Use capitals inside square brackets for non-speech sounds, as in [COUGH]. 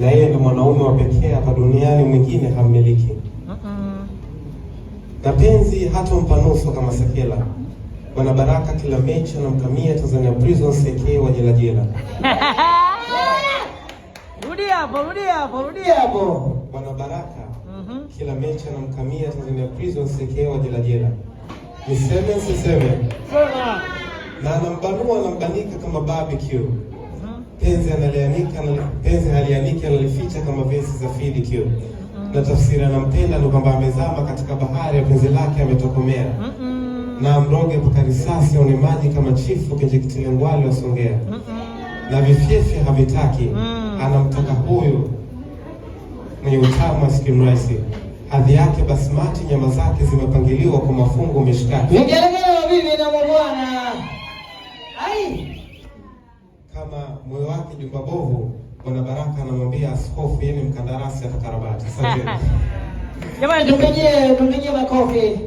na yeye ndio mwanaume wa pekee hapa duniani, mwingine hammiliki. uh -uh. Na penzi hata mpanuso kama Sekela. wana Baraka kila mechi anamkamia Tanzania prison Sekee wa jela jela. [LAUGHS] hapo, rudia hapo, hapo. Baraka mm-hmm. kila mechi anamkamia Tanzania prison Sekee wa jela jela. Niseme siseme? Sema. Na anambanua anambanika kama barbecue penzi haliandiki analificha kama vesi za finikio na tafsiri anampenda ni kwamba amezama katika bahari ya penzi lake ametokomea. na mroge mpaka risasi aone maji kama chifu Kinjekitile-Ngwale wasongea. na vifyefi havitaki. anamtaka huyu mwenye utamu wa skim rice, hadhi yake basmati, nyama zake zimepangiliwa kwa mafungu mishkaki kama moyo wake jumba bovu, Bwana Baraka anamwambia askofu yeye ni mkandarasi atakarabati. Asante [LAUGHS] jamani, tupigie makofi.